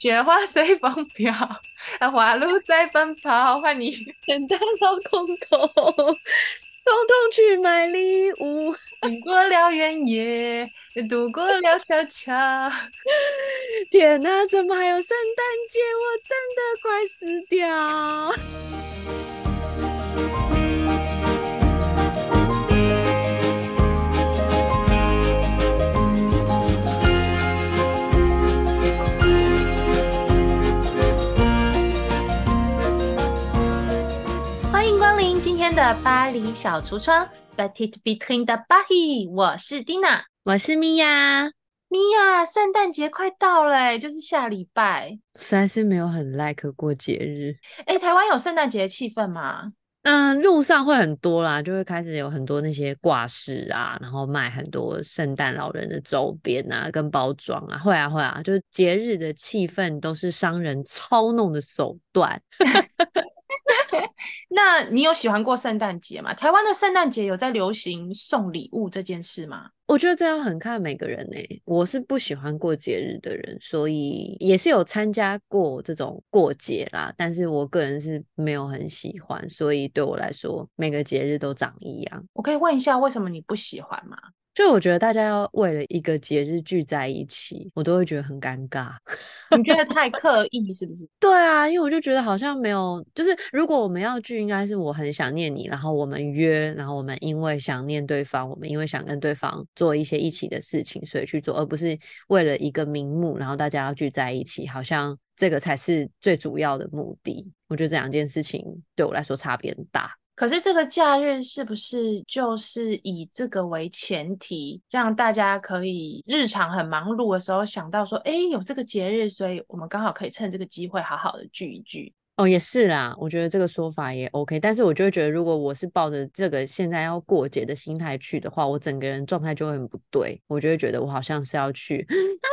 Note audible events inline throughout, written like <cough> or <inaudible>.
雪花隨風飄，啊，花鹿在奔跑，歡迎你聖誕老公公，統統去買禮物。經過了原野，也渡過了小橋。 <laughs> 天哪，怎麼還有聖誕節？我真的快死掉。今天的巴黎小櫥窗 Petite Vitrine de Paris。我是 Dina，我是米婭。米婭，聖誕節快到了、欸、就是下禮拜。實在是沒有很 like 過節日。哎、欸，台灣有聖誕節氣氛嗎？嗯，路上會很多啦，就會開始有很多那些掛飾啊，然後賣很多聖誕老人的周邊啊，跟包裝啊，會啊會啊。就是節日的氣氛都是商人操弄的手段。 <laughs> <laughs> 那你有喜歡過聖誕節嗎？台灣的聖誕節有在流行送禮物這件事嗎？我覺得這樣很看每個人呢、欸。我是不喜歡過節日的人，所以也是有參加過這種過節啦，但是我個人是沒有很喜歡，所以對我來說每個節日都長一樣。我可以問一下，為什麼你不喜歡嗎？所以我覺得大家要為了一個節日聚在一起，我都會覺得很尷尬。 <laughs> 你覺得太刻意是不是？ <laughs> 對啊，因為我就覺得好像沒有，就是如果我們要聚，應該是我很想念你，然後我們約，然後我們因為想念對方，我們因為想跟對方做一些一起的事情，所以去做，而不是為了一個名目，然後大家要聚在一起，好像這個才是最主要的目的。我覺得這兩件事情對我來說差別很大。可是這個假日是不是就是以這個為前提，讓大家可以日常很忙碌的時候想到說，哎，有這個節日，所以我們剛好可以趁這個機會好好的聚一聚。哦，也是啦，我覺得這個說法也 OK，但是我就覺得，如果我是抱着這個現在要過節的心態去的話，我整個人狀態就會很不對，我就會覺得我好像是要去 <laughs> 啊，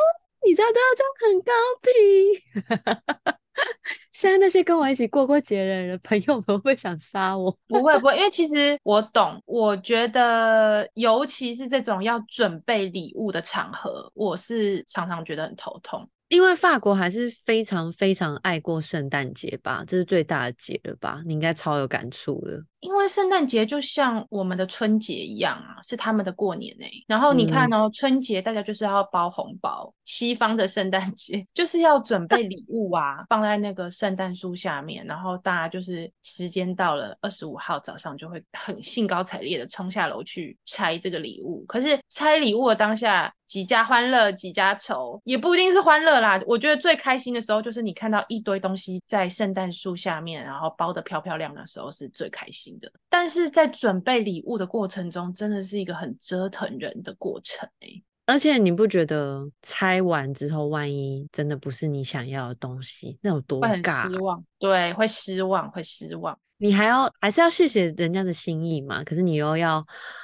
你知道都要裝很高逼。 <laughs> <laughs> 現在那些跟我一起過過節的人朋友都會想殺我？ <laughs> 不會不會，因為其實我懂，我覺得尤其是這種要準備禮物的場合，我是常常覺得很頭痛。因為法國還是非常非常愛過聖誕節吧，這是最大的節了吧？你應該超有感觸的。因為聖誕節就像我們的春節一樣啊，是他們的過年誒。然後你看哦，嗯、春節大家就是要包紅包，西方的聖誕節就是要準備禮物啊， <laughs> 放在那個聖誕樹下面，然後大家就是時間到了二十五號早上就會很興高采烈的衝下樓去拆這個禮物。可是拆禮物的當下，幾家歡樂幾家愁，也不一定是歡樂啦。我覺得最開心的時候就是你看到一堆東西在聖誕樹下面，然後包的漂漂亮的時候是最開心。但是在準備禮物的過程中，真的是一個很折騰人的過程，欸、而且你不覺得拆完之後，萬一真的不是你想要的東西，那有多尬，啊，會失望？對，會失望，會失望。你還要還是要謝謝人家的心意嘛。可是你又要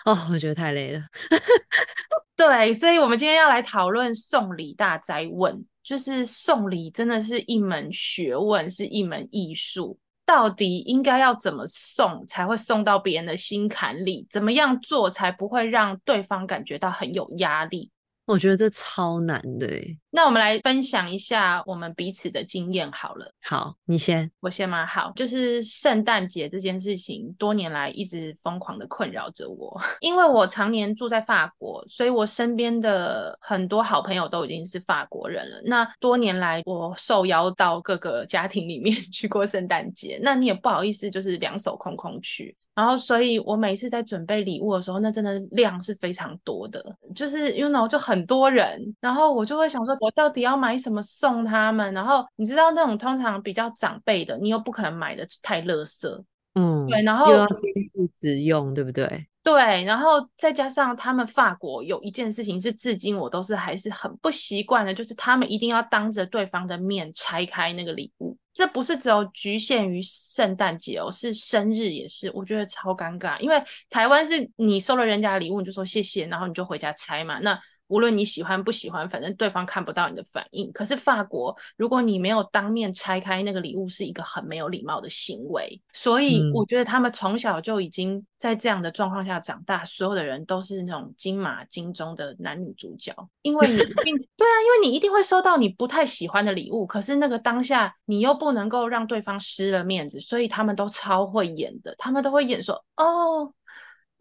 哦，我覺得太累了。 <laughs> 對，所以我們今天要來討論送禮大哉問，就是送禮真的是一門學問，是一門藝術。到底應該要怎麼送才會送到別人的心坎裡？怎麼樣做才不會讓對方感覺到很有壓力？我覺得這超難的誒，那我們來分享一下我們彼此的經驗好了。好，你先，我先嘛。好，就是聖誕節這件事情，多年來一直瘋狂的困擾着我。因為我常年住在法國，所以我身邊的很多好朋友都已經是法國人了。那多年來，我受邀到各個家庭裡面去過聖誕節，那你也不好意思，就是兩手空空去。然後，所以我每次在準備禮物的時候，那真的量是非常多的，就是 you know 就很多人，然後我就會想說，我到底要買什麼送他們？然後你知道那種通常比較長輩的，你又不可能買的太樂色，嗯，對，然後又要兼顧實用，對不對？對，然後再加上他們法國有一件事情是至今我都是還是很不習慣的，就是他們一定要當着對方的面拆開那個禮物，這不是只有局限於聖誕節哦，是生日也是，我覺得超尷尬，因為台灣是你收了人家的禮物，你就說謝謝，然後你就回家拆嘛，那。無論你喜歡不喜歡，反正對方看不到你的反應。可是法國，如果你沒有當面拆開那個禮物，是一個很沒有禮貌的行為。所以我覺得他們從小就已經在這樣的狀況下長大，嗯、所有的人都是那種金馬金鐘的男女主角。因為你因為 <laughs> 對啊，因為你一定會收到你不太喜歡的禮物，可是那個當下你又不能夠讓對方失了面子，所以他們都超會演的，他們都會演說哦。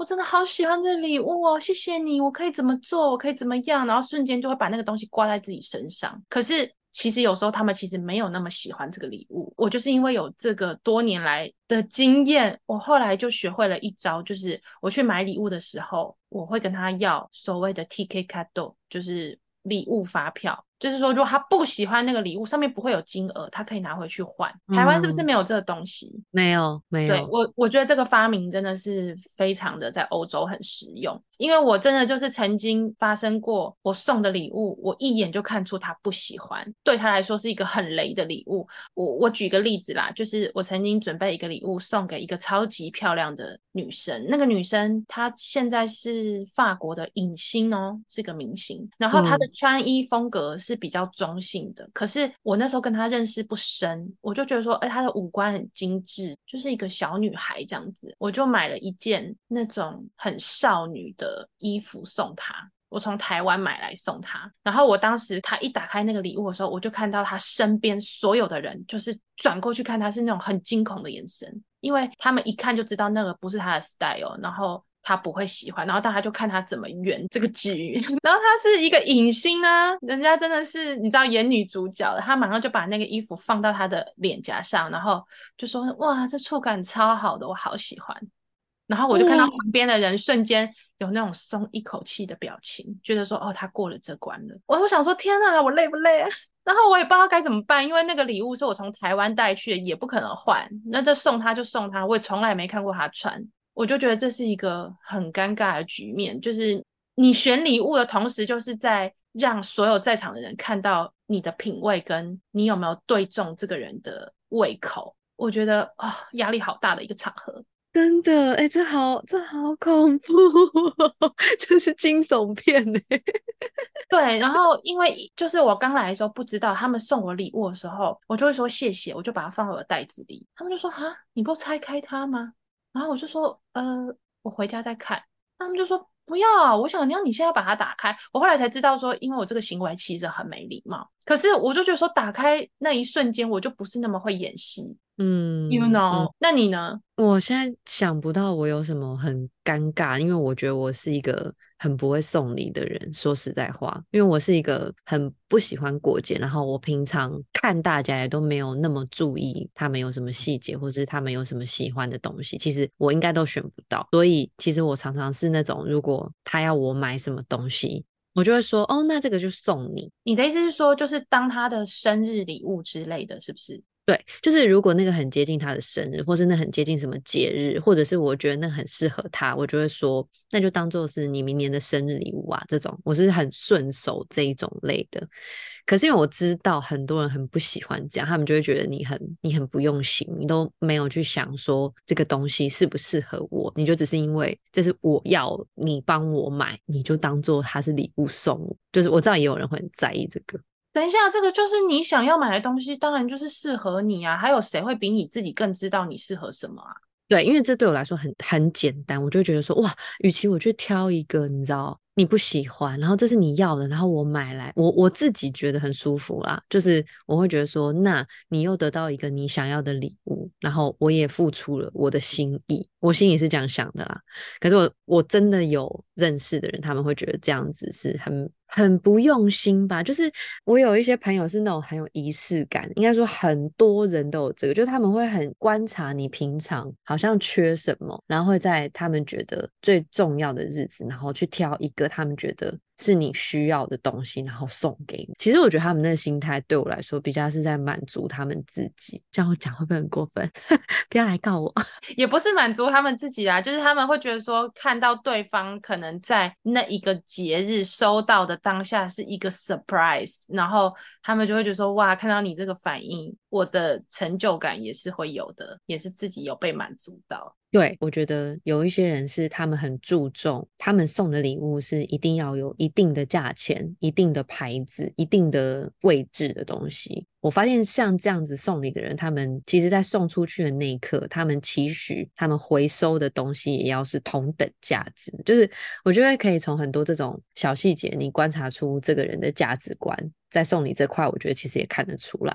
我真的好喜歡這個禮物哦，謝謝你！我可以怎麼做？我可以怎麼樣？然後瞬間就會把那個東西掛在自己身上。可是其實有時候他們其實沒有那麼喜歡這個禮物。我就是因為有這個多年來的經驗，我後來就學會了一招，就是我去買禮物的時候，我會跟他要所謂的 ticket cadeau，就是禮物發票。就是說，如果他不喜歡那個禮物，上面不會有金額，他可以拿回去換。台灣是不是沒有這個東西？嗯，沒有，沒有。對，我我覺得這個發明真的是非常的在歐洲很實用，因為我真的就是曾經發生過，我送的禮物，我一眼就看出他不喜歡，對他來說是一個很雷的禮物。我我舉個例子啦，就是我曾經準備一個禮物送給一個超級漂亮的女生，那個女生她現在是法國的影星哦，是個明星，然後她的穿衣風格是。是比較中性的，可是我那時候跟他認識不深，我就覺得說，哎、欸，她的五官很精緻，就是一個小女孩這樣子，我就買了一件那種很少女的衣服送她，我從台灣買來送她。然後我當時她一打開那個禮物的時候，我就看到她身邊所有的人就是轉過去看，她是那種很驚恐的眼神，因為他們一看就知道那個不是她的 style，然後，他不會喜歡，然後大家就看他怎麼圓這個局。 <laughs> 然後他是一個影星啊，人家真的是你知道演女主角的，他馬上就把那個衣服放到他的臉頰上，然後就說哇，這觸感超好的，我好喜歡。然後我就看到旁邊的人、嗯、瞬間有那種鬆一口氣的表情，覺得說哦，他過了這關了。我想說天啊，我累不累、啊？然後我也不知道該怎麼辦，因為那個禮物是我從台灣帶去的，也不可能換。那就送他就送他，我也從來沒看過他穿。我就覺得這是一個很尷尬的局面，就是你選禮物的同時，就是在讓所有在場的人看到你的品味，跟你有沒有對中這個人的胃口。我覺得啊、哦，壓力好大的一個場合，真的，哎、欸，這好，這好恐怖， <laughs> 這是驚悚片嘞、欸。 <laughs> 對，然後因為就是我剛來的時候不知道他們送我禮物的時候，我就會說謝謝，我就把它放到我的袋子裡。他們就說：“哈，你不拆開它嗎？”然後我就說，呃，我回家再看。他們就說，不要啊，我想你要你現在把它打開。我後來才知道說，因為我這個行為其實很沒禮貌。可是我就覺得說，打開那一瞬間，我就不是那麼會演戲。嗯，You know，嗯，那你呢？我現在想不到我有什麼很尷尬，因為我覺得我是一個很不會送禮的人。說實在話，因為我是一個很不喜歡過節，然後我平常看大家也都沒有那麼注意他們有什麼細節，或是他們有什麼喜歡的東西，其實我應該都選不到。所以，其實我常常是那種，如果他要我買什麼東西，我就會說：“哦，那這個就送你。”你的意思是說，就是當他的生日禮物之類的，是不是？對，就是如果那個很接近他的生日，或是那很接近什麼節日，或者是我覺得那很適合他，我就會說，那就當做是你明年的生日禮物啊。這種我是很順手這一種類的。可是因為我知道很多人很不喜歡這樣，他們就會覺得你很你很不用心，你都沒有去想說這個東西適不適合我，你就只是因為這是我要你幫我買，你就當做它是禮物送我。就是我知道也有人會很在意這個。等一下，這個就是你想要買的東西，當然就是適合你啊！還有誰會比你自己更知道你適合什麼啊？對，因為這對我來說很很簡單，我就會覺得說，哇，與其我去挑一個，你知道，你不喜歡，然後這是你要的，然後我買來，我我自己覺得很舒服啦，就是我會覺得說，那你又得到一個你想要的禮物，然後我也付出了我的心意，我心裡是這樣想的啦。可是我我真的有認識的人，他們會覺得這樣子是很。很不用心吧？就是我有一些朋友是那種很有儀式感，應該說很多人都有這個，就是他們會很觀察你平常好像缺什麼，然後會在他們覺得最重要的日子，然後去挑一個他們覺得。是你需要的東西，然後送給你。其實我覺得他們的心態對我來說，比較是在滿足他們自己。這樣講會不會很過分？ <laughs> 不要來告我。也不是滿足他們自己啊，就是他們會覺得說，看到對方可能在那一個節日收到的當下是一個 surprise，然後他們就會覺得說，哇，看到你這個反應，我的成就感也是會有的，也是自己有被滿足到。對，我覺得有一些人是他們很注重，他們送的禮物是一定要有一定的價錢、一定的牌子、一定的位置的東西。我發現像這樣子送禮的人，他們其實在送出去的那一刻，他們期許他們回收的東西也要是同等價值。就是我覺得可以從很多這種小細節，你觀察出這個人的價值觀。在送禮這塊，我覺得其實也看得出來。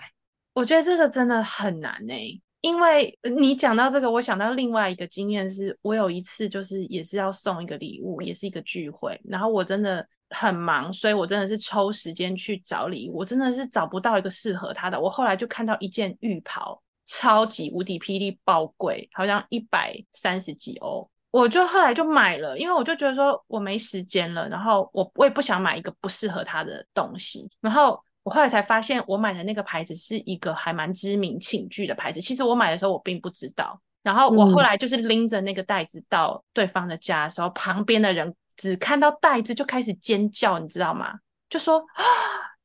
我覺得這個真的很難誒、欸。因為你講到這個，我想到另外一個經驗是，我有一次就是也是要送一個禮物，也是一個聚會，然後我真的很忙，所以我真的是抽時間去找禮物，我真的是找不到一個適合他的。我後來就看到一件浴袍，超級無敵霹靂爆貴，好像一百三十幾歐，我就後來就買了，因為我就覺得說我沒時間了，然後我我也不想買一個不適合他的東西，然後。我後來才發現，我買的那個牌子是一個還蠻知名寢具的牌子。其實我買的時候我並不知道。然後我後來就是拎着那個袋子到對方的家的時候，嗯、旁邊的人只看到袋子就開始尖叫，你知道嗎？就說啊、哦，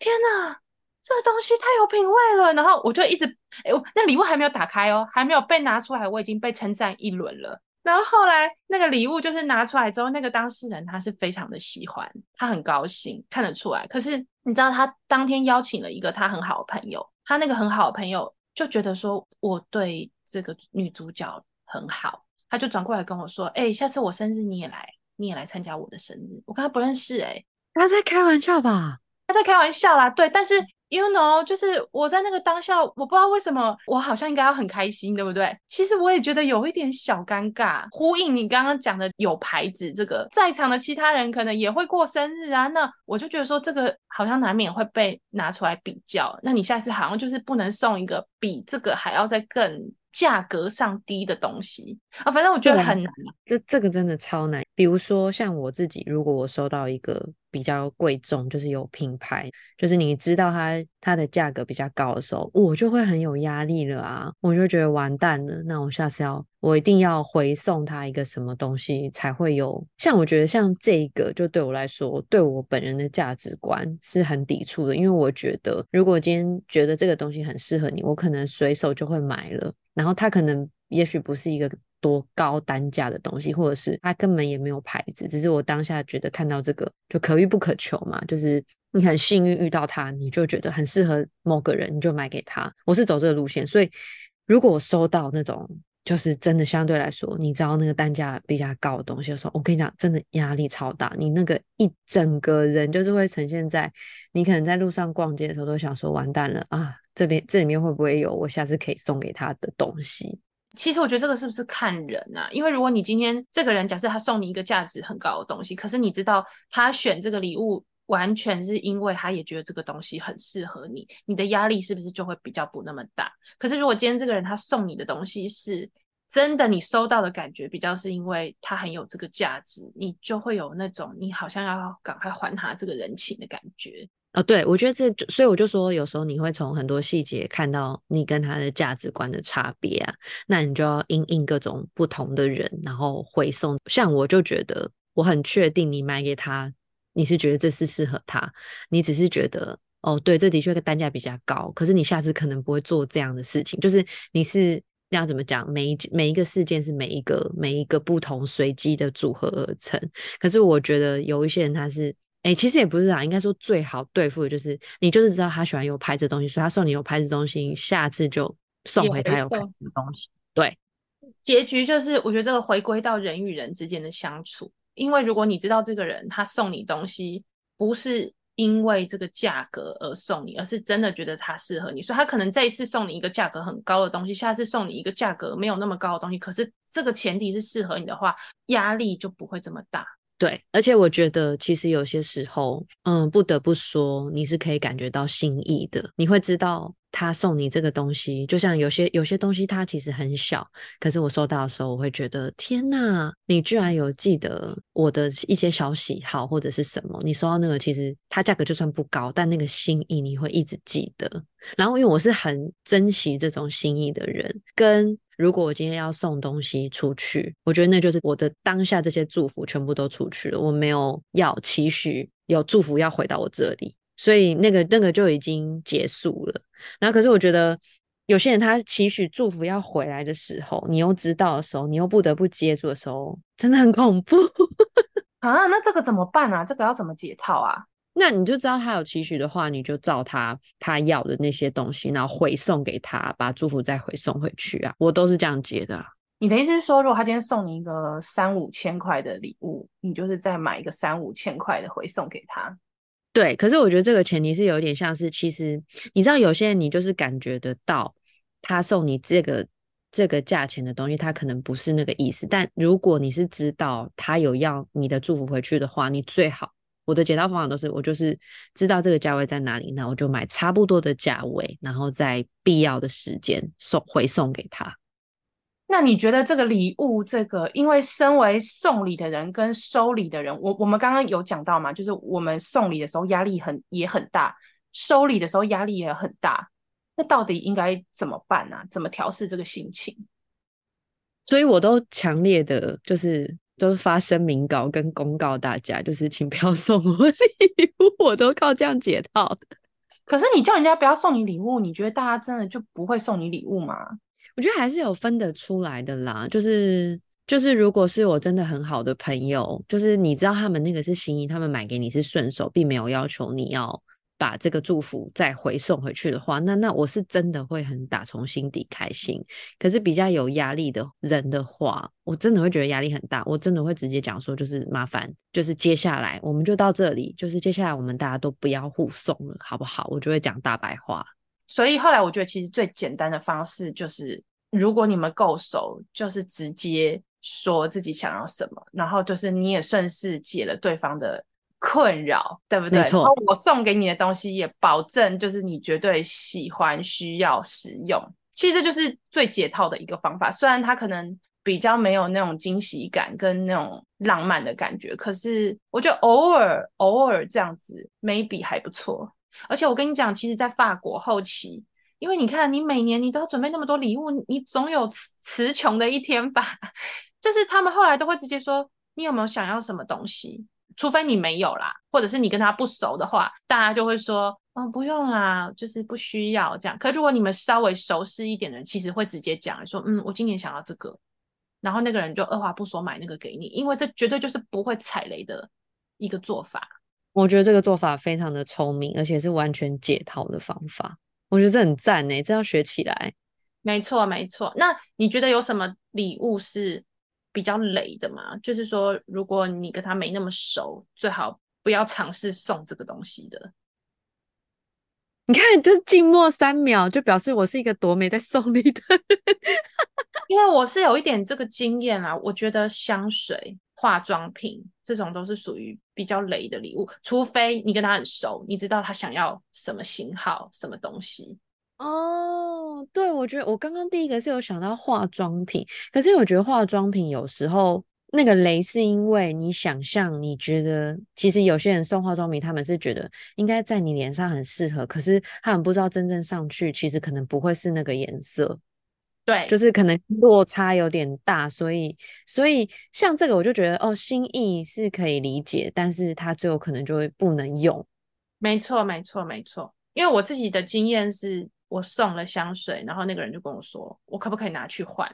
天哪，這個東西太有品味了。然後我就一直，哎、欸，我，那禮物還沒有打開哦，還沒有被拿出來，我已經被稱讚一輪了。然後後來那個禮物就是拿出來之後，那個當事人他是非常的喜歡，他很高興，看得出來。可是。你知道他當天邀請了一個他很好的朋友，他那個很好的朋友就覺得說我對這個女主角很好，他就轉過來跟我說：“哎，下次我生日你也來，你也來參加我的生日。”我跟他不認識，哎，他在開玩笑吧？他在開玩笑啦。對，但是。You know，就是我在那個當下，我不知道為什麼，我好像應該要很開心，對不對？其實我也覺得有一點小尷尬。呼應你剛剛講的有牌子，這個在場的其他人可能也會過生日啊，那我就覺得說這個好像難免會被拿出來比較。那你下次好像就是不能送一個比這個還要再更價格上低的東西啊，哦。反正我覺得很難，這這個真的超難。比如說像我自己，如果我收到一個。比較貴重，就是有品牌，就是你知道它它的價格比較高的時候，我就會很有壓力了啊，我就覺得完蛋了，那我下次要，我一定要回送他一個什麼東西才會有。像我覺得像這個，就對我來說，對我本人的價值觀是很抵觸的，因為我覺得如果今天覺得這個東西很適合你，我可能隨手就會買了，然後它可能也許不是一個。多高單價的東西，或者是它根本也沒有牌子，只是我當下覺得看到這個就可遇不可求嘛，就是你很幸運遇到它，你就覺得很適合某個人，你就買給他。我是走這個路線，所以如果我收到那種就是真的相對來說，你知道那個單價比較高的東西的時候，我跟你講，真的壓力超大，你那個一整個人就是會呈現在你可能在路上逛街的時候，都想說完蛋了啊，這邊這裡面會不會有我下次可以送給他的東西？其實我覺得這個是不是看人啊？因為如果你今天這個人，假設他送你一個價值很高的東西，可是你知道他選這個禮物完全是因為他也覺得這個東西很適合你，你的壓力是不是就會比較不那麼大？可是如果今天這個人他送你的東西是真的，你收到的感覺比較是因為他很有這個價值，你就會有那種你好像要趕快還他這個人情的感覺。哦，對，我覺得這就，所以我就說，有時候你會從很多細節看到你跟他的價值觀的差別啊，那你就要因應各種不同的人，然後回送。像我就覺得，我很確定你買給他，你是覺得這是適合他，你只是覺得，哦，對，這的確個單價比較高，可是你下次可能不會做這樣的事情。就是你是那要怎麼講，每一每一個事件是每一個每一個不同隨機的組合而成。可是我覺得有一些人他是。哎、欸，其實也不是啊，應該說最好對付的就是你，就是知道他喜歡有牌子的東西，所以他送你有牌子的東西，下次就送回他有牌子的東西。對，結局就是我覺得這個回歸到人與人之間的相處，因為如果你知道這個人他送你東西不是因為這個價格而送你，而是真的覺得他適合你，所以他可能這一次送你一個價格很高的東西，下次送你一個價格沒有那麼高的東西，可是這個前提是適合你的話，壓力就不會這麼大。對，而且我覺得其實有些時候，嗯，不得不說，你是可以感覺到心意的。你會知道他送你這個東西，就像有些有些東西，它其實很小，可是我收到的時候，我會覺得天哪，你居然有記得我的一些小喜好或者是什麼，你收到那個，其實它價格就算不高，但那個心意你會一直記得。然後，因為我是很珍惜這種心意的人，跟。如果我今天要送東西出去，我覺得那就是我的當下這些祝福全部都出去了。我沒有要期許有祝福要回到我這裡，所以那個那個就已經結束了。然後，可是我覺得有些人他期許祝福要回來的時候，你又知道的時候，你又不得不接住的時候，真的很恐怖 <laughs> 啊！那這個怎麼辦啊？這個要怎麼解套啊？那你就知道他有期許的話，你就照他他要的那些東西，然後回送給他，把祝福再回送回去啊。我都是這樣接的啊。你的意思是說，如果他今天送你一個三五千塊的禮物，你就是再買一個三五千塊的回送給他？對。可是我覺得這個前提是有點像是，其實你知道有些人，你就是感覺得到他送你這個這個價錢的東西，他可能不是那個意思。但如果你是知道他有要你的祝福回去的話，你最好。我的解套方法都是，我就是知道這個價位在哪裡，那我就買差不多的價位，然後在必要的時間送回送給他。那你覺得這個禮物，這個因為身為送禮的人跟收禮的人，我我們剛剛有講到嘛，就是我們送禮的時候壓力很也很大，收禮的時候壓力也很大。那到底應該怎麼辦呢、啊？怎麼調適這個心情？所以我都強烈的，就是。都是發聲明稿跟公告大家，就是請不要送我禮物，我都靠這樣解套。可是你叫人家不要送你禮物，你覺得大家真的就不會送你禮物嗎？我覺得還是有分得出來的啦。就是就是，如果是我真的很好的朋友，就是你知道他們那個是心意，他們買給你是順手，並沒有要求你要，把這個祝福再回送回去的話，那那我是真的會很打從心底開心。可是比較有壓力的人的話，我真的會覺得壓力很大。我真的會直接講說，就是麻煩，就是接下來我們就到這裡，就是接下來我們大家都不要互送了，好不好？我就會講大白話。所以後來我覺得其實最簡單的方式就是，如果你們夠熟，就是直接說自己想要什麼，然後就是你也算是解了對方的。困擾對不對？沒錯，然後我送給你的東西也保證就是你絕對喜歡、需要使用。其實這就是最解套的一個方法，雖然它可能比較沒有那種驚喜感跟那種浪漫的感覺，可是我覺得偶爾偶爾這樣子，Maybe 還不錯。而且我跟你講，其實，在法國後期，因為你看你每年你都要準備那麼多禮物，你總有詞窮的一天吧？就是他們後來都會直接說：“你有沒有想要什麼東西？”除非你沒有啦，或者是你跟他不熟的話，大家就會說，哦，不用啦，就是不需要這樣。可如果你們稍微熟悉一點的人，其實會直接講說，嗯，我今年想要這個，然後那個人就二話不說買那個給你，因為這絕對就是不會踩雷的一個做法。我覺得這個做法非常的聰明，而且是完全解套的方法。我覺得這很讚呢，這要學起來。沒錯，沒錯。那你覺得有什麼禮物是？比較雷的嘛，就是說，如果你跟他沒那麼熟，最好不要嘗試送這個東西的。你看，這靜默三秒就表示我是一個多美在送你的， <laughs> 因為我是有一點這個經驗啦、啊。我覺得香水、化妝品這種都是屬於比較雷的禮物，除非你跟他很熟，你知道他想要什麼型號、什麼東西。哦，oh, 對，我覺得我剛剛第一個是有想到化妝品，可是我覺得化妝品有時候那個雷是因為你想象，你覺得其實有些人送化妝品，他們是覺得應該在你臉上很適合，可是他們不知道真正上去其實可能不會是那個顏色，對，就是可能落差有點大，所以所以像這個我就覺得哦，心意是可以理解，但是他最後可能就會不能用，沒錯沒錯沒錯，因為我自己的經驗是。我送了香水，然後那個人就跟我說，我可不可以拿去換？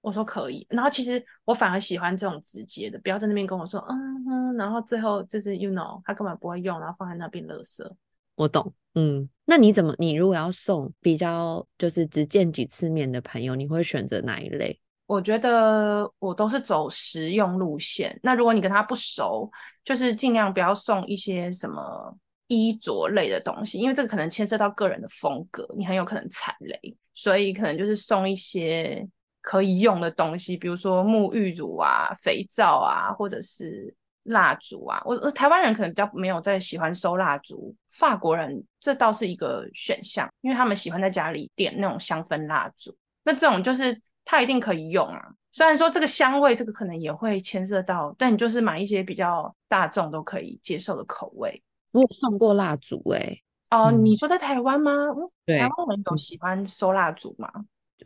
我說可以。然後其實我反而喜歡這種直接的，不要在那邊跟我說，嗯哼、嗯。然後最後就是，you know，他根本不會用，然後放在那邊垃圾。我懂，嗯。那你怎麼？你如果要送比較就是只見幾次面的朋友，你會選擇哪一類？我覺得我都是走實用路線。那如果你跟他不熟，就是盡量不要送一些什麼。衣着類的東西，因為這個可能牽涉到個人的風格，你很有可能踩雷，所以可能就是送一些可以用的東西，比如說沐浴乳啊、肥皂啊，或者是蠟燭啊。我台灣人可能比較沒有在喜歡收蠟燭，法國人這倒是一個選項，因為他們喜歡在家裡點那種香氛蠟燭。那這種就是他一定可以用啊，雖然說這個香味這個可能也會牽涉到，但你就是買一些比較大眾都可以接受的口味。我有送過蠟燭、欸，哎，哦，嗯、你說在台灣嗎？對台灣人有喜歡收蠟燭嗎？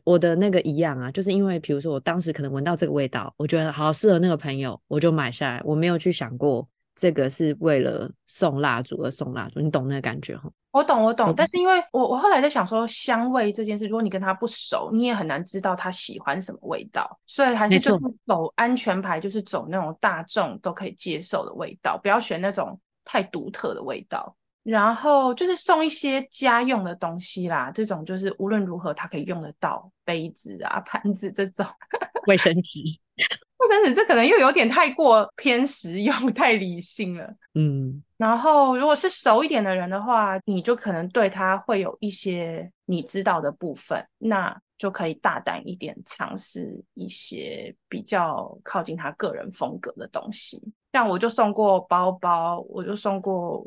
我的那個一樣啊，就是因為，比如說我當時可能聞到這個味道，我覺得好適合那個朋友，我就買下來。我沒有去想過這個是為了送蠟燭而送蠟燭，你懂那個感覺哈？我懂，我懂，我懂。但是因為我我後來在想說，香味這件事，如果你跟他不熟，你也很難知道他喜歡什麼味道，所以還是就是走安全牌，就是走那種大眾都可以接受的味道，錯不要選那種。太獨特的味道，然後就是送一些家用的東西啦，這種就是無論如何他可以用得到，杯子啊、盤子這種。 <laughs> 衛生紙，衛生紙這可能又有點太過偏實用，太理性了。嗯，然後如果是熟一點的人的話，你就可能對他會有一些你知道的部分。那。就可以大膽一點嘗試一些比較靠近他個人風格的東西，像我就送過包包，我就送過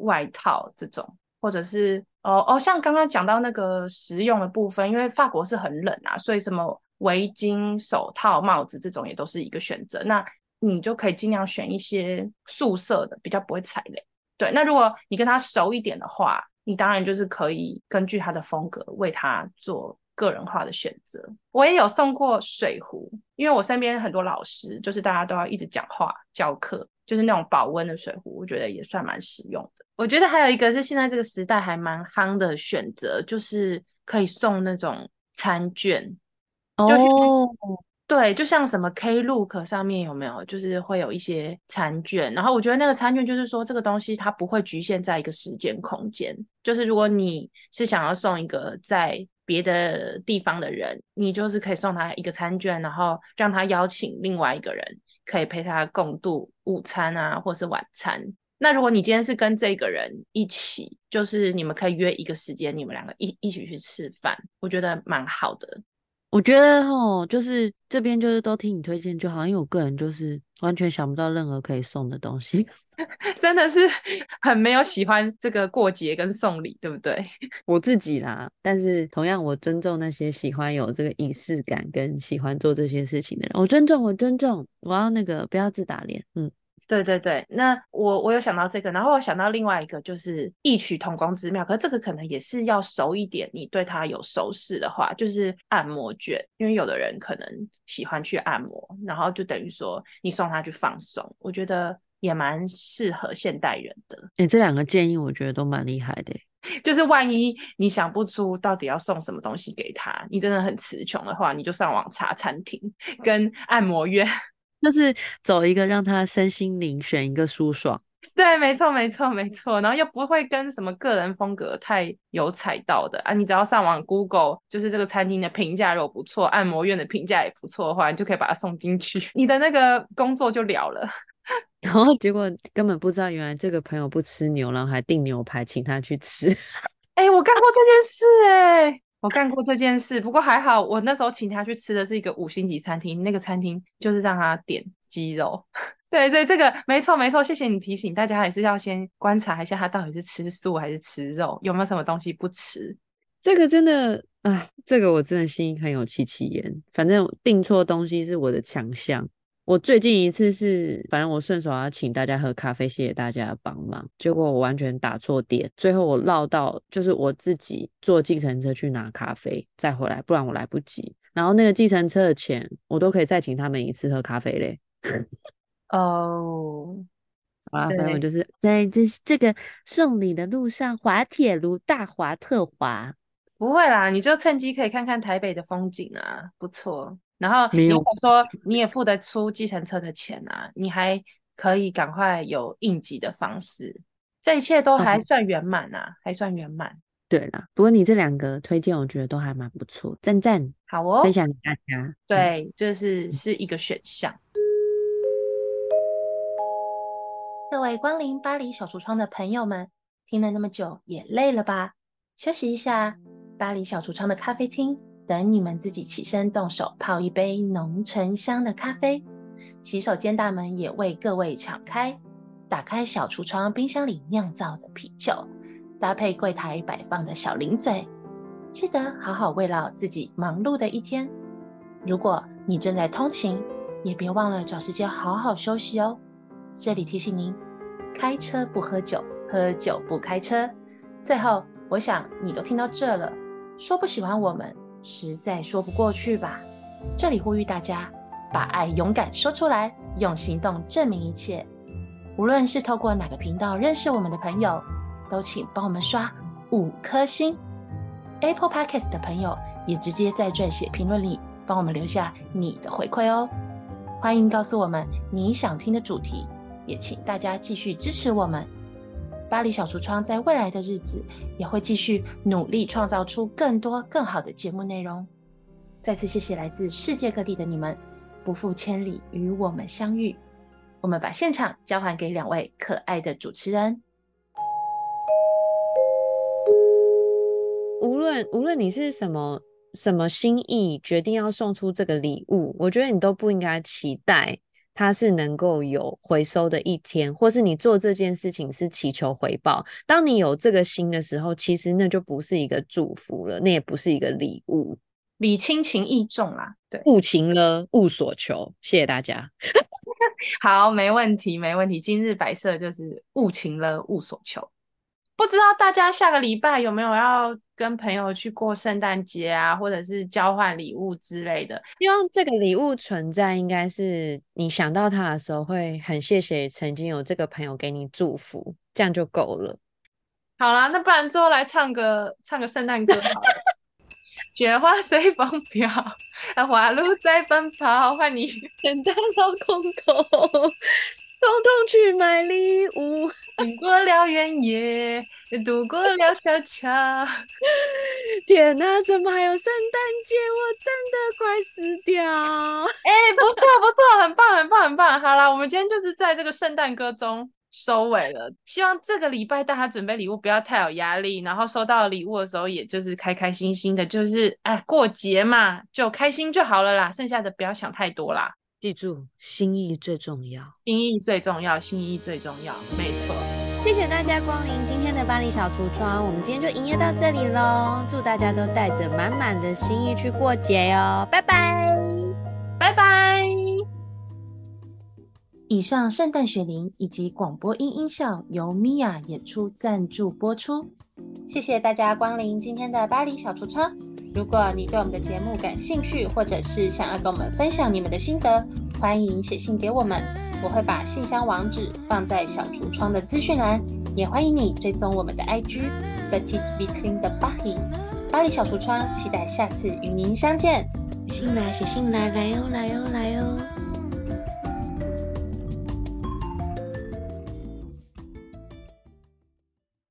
外套這種，或者是哦哦，像剛剛講到那個實用的部分，因為法國是很冷啊，所以什麼圍巾、手套、帽子這種也都是一個選擇。那你就可以盡量選一些素色的，比較不會踩雷。對，那如果你跟他熟一點的話，你當然就是可以根據他的風格為他做，個人化的選擇，我也有送過水壺，因為我身邊很多老師，就是大家都要一直講話教課，就是那種保溫的水壺，我覺得也算蠻實用的。 <music> 我覺得還有一個是現在這個時代還蠻夯的選擇，就是可以送那種餐券。哦、oh.，對，就像什麼 KLOOK 上面有沒有，就是會有一些餐券，然後我覺得那個餐券就是說這個東西它不會局限在一個時間空間，就是如果你是想要送一個在別的地方的人，你就是可以送他一個餐券，然後讓他邀請另外一個人，可以陪他共度午餐啊，或是晚餐。那如果你今天是跟這個人一起，就是你們可以約一個時間，你們兩個一一起去吃飯，我覺得蠻好的。我覺得吼，就是這邊就是都聽你推薦就好，因為我個人就是完全想不到任何可以送的東西， <laughs> 真的是很沒有喜歡這個過節跟送禮，對不對？我自己啦，但是同樣我尊重那些喜歡有這個儀式感跟喜歡做這些事情的人，我尊重，我尊重，我尊重，我要那個不要自打臉，嗯。對對對，那我我有想到這個，然後我想到另外一個就是異曲同工之妙，可是這個可能也是要熟一點，你對他有熟識的話，就是按摩券，因為有的人可能喜歡去按摩，然後就等於說你送他去放鬆，我覺得也蠻適合現代人的。哎、欸，這兩個建議我覺得都蠻厲害的，就是萬一你想不出到底要送什麼東西給他，你真的很詞窮的話，你就上網查餐廳跟按摩院。就是走一個讓他身心靈選一個舒爽，對，沒錯，沒錯，沒錯，然後又不會跟什麼個人風格太有踩到的啊，你只要上網 Google，就是這個餐廳的評價如果不錯，按摩院的評價也不錯的話，你就可以把它送進去，你的那個工作就了了。然 <laughs> 後、哦、結果根本不知道，原來這個朋友不吃牛，然後還訂牛排請他去吃。哎、 <laughs> 欸，我幹過這件事哎、欸。我幹過這件事，不過還好，我那時候請他去吃的是一個五星級餐廳，那個餐廳就是讓他點雞肉。 <laughs> 對，所以這個沒錯沒錯，謝謝你提醒大家，還是要先觀察一下他到底是吃素還是吃肉，有沒有什麼東西不吃。這個真的，哎，這個我真的心裡很有戚戚焉，反正訂錯東西是我的強項。我最近一次是，反正我順手要請大家喝咖啡，謝謝大家幫忙。結果我完全打錯點，最後我繞到就是我自己坐計程車去拿咖啡，再回來，不然我來不及。然後那個計程車的錢，我都可以再請他們一次喝咖啡嘞。哦，啊，反正我就是在這這個送禮的路上滑鐵華華，滑鐵盧大滑特滑，不會啦，你就趁機可以看看台北的風景啊，不錯。然後如果說你也付得出計程車的錢啊，有你還可以趕快有應急的方式，這一切都還算圓滿啊，Okay. 還算圓滿。對啦，不過你這兩個推薦，我覺得都還蠻不錯，讚讚。好哦，分享給大家。對，嗯、就是是一個選項。嗯、各位光臨巴黎小櫥窗的朋友們，聽了那麼久也累了吧？休息一下，巴黎小櫥窗的咖啡廳。等你們自己起身動手泡一杯濃醇香的咖啡，洗手間大門也為各位敞開，打開小櫥窗，冰箱裡釀造的啤酒，搭配櫃台擺放的小零嘴，記得好好慰勞自己忙碌的一天。如果你正在通勤，也別忘了找時間好好休息哦。這裡提醒您：開車不喝酒，喝酒不開車。最後，我想你都聽到這了，說不喜歡我們。實在說不過去吧？這裡呼籲大家，把愛勇敢說出來，用行動證明一切。無論是透過哪個頻道認識我們的朋友，都請幫我們刷五顆星。Apple Podcast 的朋友也直接在撰寫評論裡幫我們留下你的回饋哦。歡迎告訴我們你想聽的主題，也請大家繼續支持我們。巴黎小櫥窗在未來的日子也會繼續努力創造出更多更好的節目內容。再次謝謝來自世界各地的你們，不負千里與我們相遇。我們把現場交還給兩位可愛的主持人。無論無論你是什麼什麼心意，決定要送出這個禮物，我覺得你都不應該期待。它是能夠有回收的一天，或是你做這件事情是祈求回報。當你有這個心的時候，其實那就不是一個祝福了，那也不是一個禮物，禮輕情意重啊。對，勿情勒，勿索求，謝謝大家。 <laughs> 好，沒問題，沒問題。今日白色就是勿情勒，勿索求。不知道大家下個禮拜有沒有要跟朋友去過聖誕節啊，或者是交換禮物之類的？因為這個禮物存在，應該是你想到他的時候，會很謝謝曾經有這個朋友給你祝福，這樣就夠了。好啦，那不然最後來唱個唱個聖誕歌好了。雪 <laughs> 花隨風飄，那、啊、花鹿在奔跑，換你聖誕老公公，統統去買禮物。渡過了原野，渡過了小橋。 <laughs> 天哪、啊，怎麼還有聖誕節？我真的快死掉！哎、 <laughs> 欸，不錯不錯，很棒很棒很棒。好啦，我們今天就是在這個聖誕歌中收尾了。希望這個禮拜大家準備禮物不要太有壓力，然後收到了禮物的時候，也就是開開心心的，就是哎過節嘛，就開心就好了啦。剩下的不要想太多啦。記住，心意最重要，心意最重要，心意最重要，沒錯。謝謝大家光臨今天的巴黎小櫥窗，我們今天就營業到這裡嘍。祝大家都帶着滿滿的心意去過節哦，拜拜，拜拜。以上聖誕雪鈴以及廣播音音效由米婭演出贊助播出。謝謝大家光臨今天的巴黎小櫥窗。如果你對我們的節目感興趣，或者是想要跟我們分享你們的心得，歡迎寫信給我們，我會把信箱網址放在小櫥窗的資訊欄。也歡迎你追蹤我們的 IG，Petite <laughs> Vitrine de Paris 巴黎小櫥窗，期待下次與您相見。信來，寫信來，來喲，來喲，來喲。